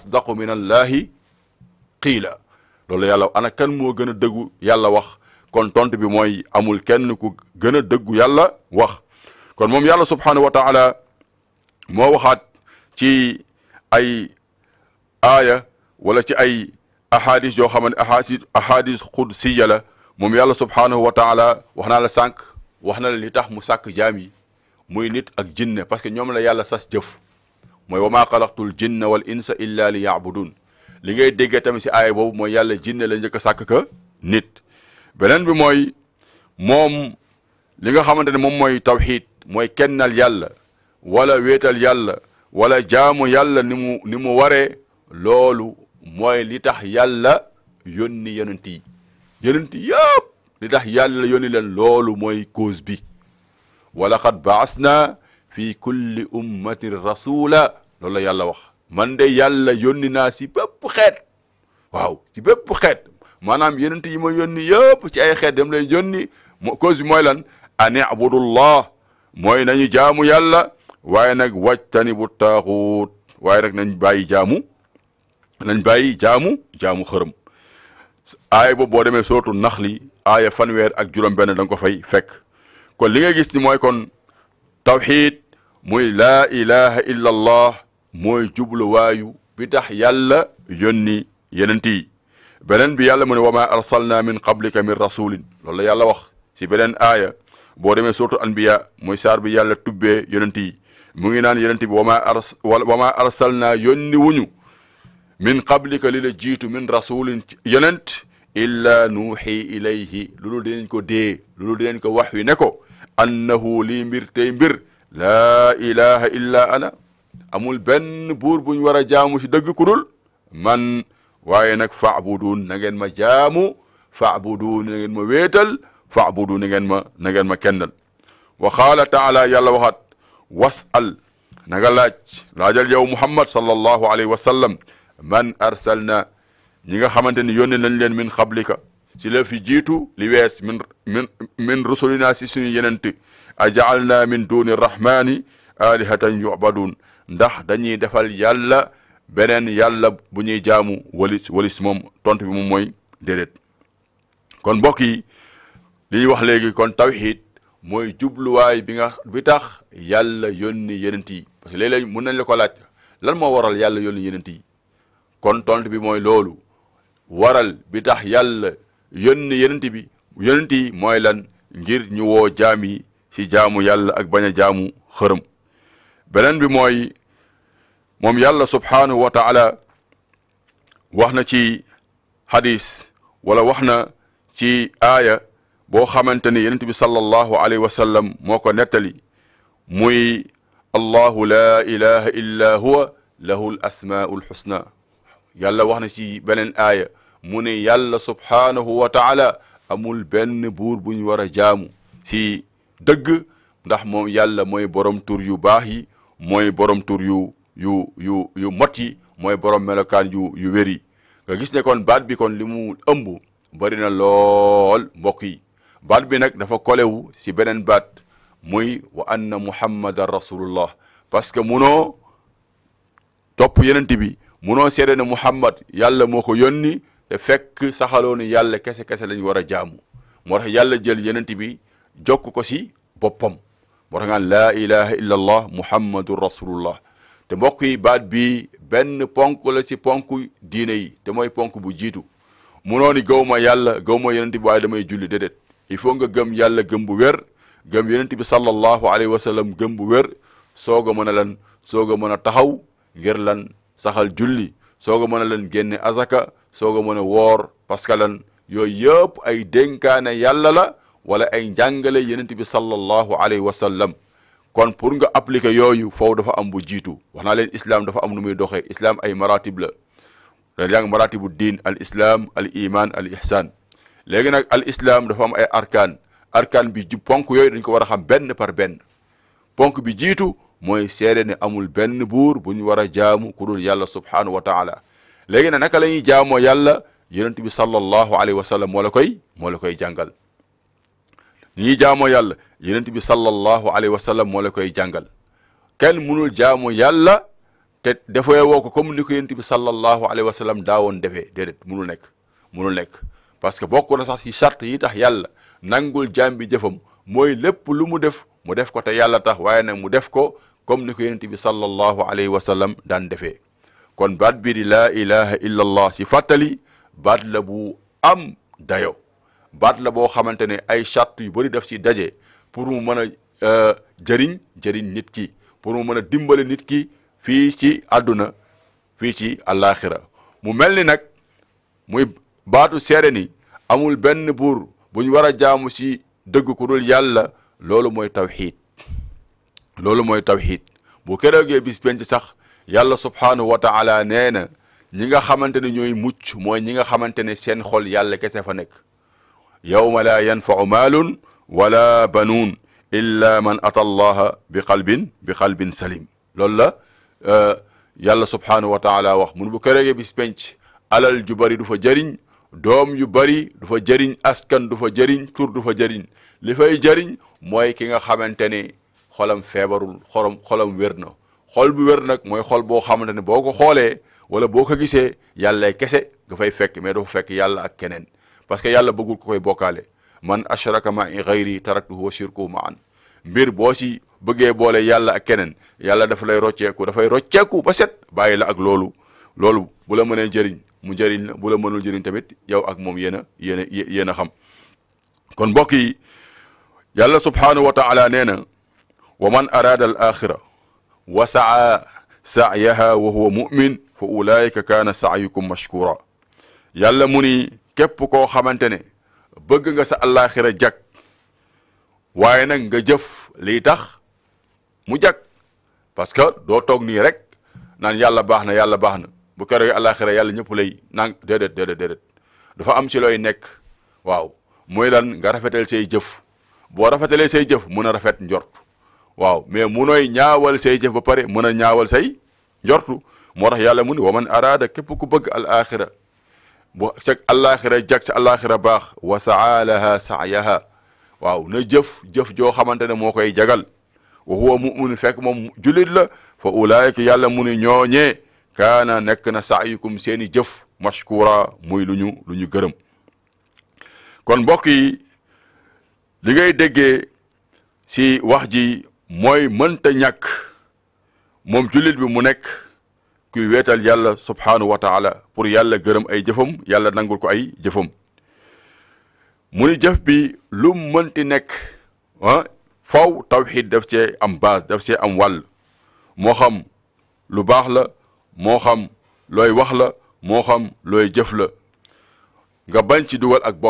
asdaqu min allahi qiila loolu yàlla ana kan moo gën a dëggu yàlla wax kon tont bi mooy amul kenn ku gën a dëggu yàlla wax kon moom yàlla subhanahu wa taala moo waxaat ci ay aaya wala ci ay ahadis yoo xam ne ahadis ahadis qudsiya la moom yàlla subhanahu wa taala wax naa la sànq wax na la li tax mu sàkk jaam yi muy nit ak jinne parce que ñoom la yàlla sas jëf mooy wa maa xalaqtul jinna wal insa illa li yaabudun li ngay déggee tamit si aaya boobu mooy yàlla jinne la njëkk a ka nit beneen bi mooy moom li nga xamante ne moom mooy tawxiid mooy kennal yàlla wala wéetal yàlla wala jaamu yàlla ni mu ni mu waree loolu mooy li tax yàlla yónni yonent yi yonent yëpp li tax yàlla yónni leen loolu mooy cause bi wala xad baas في كل أمة رسولا لولا يلا وخ من دي يلا يوني ناسي بب خير واو تي خير ما نام ينتي يمو يوني يب تي أي خير دم يوني كوز مويلان أن يعبد الله موي نني جامو يلا واي نك واتني بتاخوت واي باي جامو نني باي جامو جامو خرم aya bobu boo demee sootu naxli aya fanweer ak juróom benn da nga ko fay fekk kon li muy la ilaha illa allah mooy jubluwaayu bi tax yàlla yónni yenent yi beneen bi yàlla mu ne wa maa arsalna min qablika min rasulin loolu la yàlla wax si beneen aaya boo demee surtu anbiya mooy saar bi yàlla tubbee yonent yi mu ngi naan yonent bi wa maa ars wa maa arsalna yónni wuñu min qablika li la jiitu min rasulin yonent illa nuuxi ilayhi loolu dinañ ko dee loolu dinañ ko wax wi ne ko annahu lii mbir tey mbir laa ilaha illa ana amul benn buur buñ war a jaamu ci dëgg ku dul man waaye nag faabuduun na ngeen ma jaamu faabuduun na ngeen ma wéetal faabudu na ngeen ma na ngeen ma kennal wa qaala taala yàlla waxaat wasal na nga laaj laajal yow muhammad sallallahu alayhi wa sallam man arsalna ñi nga xamante ni yónne nañ leen min qablika ci la fi jiitu li wees min rusulina si suñu yenent a jaal na min duni rahmani alihatan yubaduun ndax dañuy defal yàlla beneen yàlla bu ñuy jaamu walis walis moom tontu bi moom mooy déedéet kon mbokk yi li ñuy wax léegi kon tawhid mooy jubluwaay bi nga bi tax yàlla yónni yenent yi parce que léeg-léeg nañ la ko laaj lan moo waral yàlla yónni yenent yi kon tontu bi mooy loolu waral bi tax yàlla yónni yonent bi mooy lan ngir ñu woo jaam yi ci jaamu yàlla ak bañ jaamu xërëm beneen bi mooy moom yàlla subhaanahu wa wax na ci hadis wala wax na ci aaya boo xamante ni yonent bi sallallahu alayhi wa moo ko nettali muy allahu la ilaha illa huwa lahu al asmaul xusna yàlla wax na ci beneen aaya mune yàlla subhanahu wa taala amul ben buur buñ wara jaamu si deug ndax mom yàlla moy borom tur yu baax yi mooy borom tur yu yu yu yu moti moy borom melokan yu yu weri nga gis ne kon baat bi kon limu mu ëmb bari na lol mbokk yi baat bi nak dafa kolewu si benen baat moy wa anna muhammadar rasulullah parce que muno top yenent muno munoo muhammad yàlla moko yónni te fekk saxaloonu yàlla kese kese lañ war a jaamu moo tax yàlla jël yenent bi jokk ko si boppam moo tax ngaan laa ilaha illa allah muhammadu rasulullah te mbokk yi baat bi benn ponk la si ponk diine yi te mooy ponk bu jiitu munoo ni gëw ma yàlla gëw ma yenent bi waaye damay julli déedéet il faut nga gëm yàlla gëm bu wér gëm yenent bi sallallahu alayhi wa sallam gëm bu wér soog a mën a lan soog a mën a taxaw ngir lan saxal julli soog a lan génne azaka soog a mën a woor parce que lan yooyu yëpp ay dénkaane yàlla la wala ay njàngale yenent bi sallallahu alayhi wa sallam kon pour nga appliquer yooyu foofu dafa am bu jiitu wax naa leen islaam dafa am nu muy doxee islam ay maratib la dañu jàng maratibu diin al islaam al imaan al ihsan léegi nag al islaam dafa am ay arkaan arkaan bi ji ponk yooyu dañ ko war a xam benn par benn ponk bi jiitu mooy seede ne amul benn buur bu ñu war a jaamu ku dul yàlla subhanahu wa taala léegi nag naka la ñuy jaamoo yàlla yonent bi sallallahu alayhi wa sallam moo koy moo la koy jàngal ni ñuy jaamoo yàlla yonent bi sallallahu alayhi wa sallam moo la koy jàngal kenn mënul jaamoo yàlla te defee woo ko comme ni ko yonent bi sallallahu alayhi wa sallam daawoon defee déedéet mënul nekk mënul nekk parce que bokk na sax ci charte yi tax yàlla nangul jaam bi jëfam mooy lépp lu mu def mu def ko te yàlla tax waaye nag mu def ko comme ni ko yonent bi sallallahu alayhi wa sallam daan defee kon baat bii di laa ilaha illa allah si fàttali baat la bu am dayo baat la boo xamante ne ay charte yu bari def si daje pour mu mën a euh, jëriñ jëriñ nit ki pour mu mën a dimbale nit ki fii ci àdduna fii ci allahira mu mel ni nag muy baatu seere ni amul benn buur bu ñu war a jaamu si dëgg ku dul yàlla loolu mooy tawxiid loolu mooy tawxiid bu keroogee bis penc sax yàlla subhaanahu wa taala nee na ñi nga xamante ne ñooy mucc mooy ñi nga xamante ne seen xol yàlla kese fa nekk yawma laa yanfau maalun wala banuun illa man ata allaha bi qalbin bi qalbin salim loolu la euh, yàlla subhaanahu wa taala wax mun bu kërége bis penc alal ju bari du fa jëriñ doom yu bari du fa jëriñ askan du fa jëriñ tur du fa jëriñ li fay jëriñ mooy ki nga xamante ne xolam feebarul xolam xolam wér na xol bu wér nag mooy xol boo xamante ne boo ko xoolee wala boo ko gisee yàlla kese nga fay fekk mais dafa fekk yàlla ak keneen parce que yàlla bëggul ko koy bokkaale man ashraka ma ghayri taraktuhu wa shirkuhu ma'an mbir boo si bëggee boole yàlla ak keneen yàlla dafa lay rocceeku dafay rocceeku ba set bàyyi la ak loolu loolu bu la mënee jëriñ mu jëriñ la bu la mënul jëriñ tamit yow ak moom yéen a yéen a xam kon mbokk yi yàlla subhanahu wa taala nee na wa man araada al axira wa sa'a sa'yaha wa huwa mu'min fa ulaika kaana sa'yukum mashkura yàlla mu ni képp koo xamante ne bëgg nga sa àllaaxira jag waaye nag nga jëf lii tax mu jag parce que doo toog nii rek naan yàlla baax na yàlla baax na bu keroog àllaaxira yàlla ñëpp lay nang déedéet déedéet déedéet dafa am ci looy nekk waaw mooy lan nga rafetal say jëf boo rafetalee say jëf mun a rafet njor waaw mais munooy ñaawal say jëf ba pare mën a ñaawal say njortu moo tax yàlla mu ni wa man araada képp ku bëgg al axira bu sa alaxira jag sa alaxira baax wa saalaha saayaha waaw na jëf jëf joo xamante ne moo koy jagal wa huwa mu'min fekk moom julit la fa ulaayika yàlla mu ni ñooñee kaana nekk na saayukum seeni i jëf mashkura muy lu ñu lu ñu gërëm kon mbokk yi li si wax mooy mënta ñàkk moom jullit bi mu nekk kuy wetal yàlla subhaanahu wa taala pour yàlla gërëm ay jëfam yàlla nangul ko ay jëfam mu ni jëf bi lu mënti nekk ah faw tawxid def cee am base def cee am wàll moo xam lu baax la moo xam looy wax la moo xam looy jëf la nga bañ ci dugal ak bokk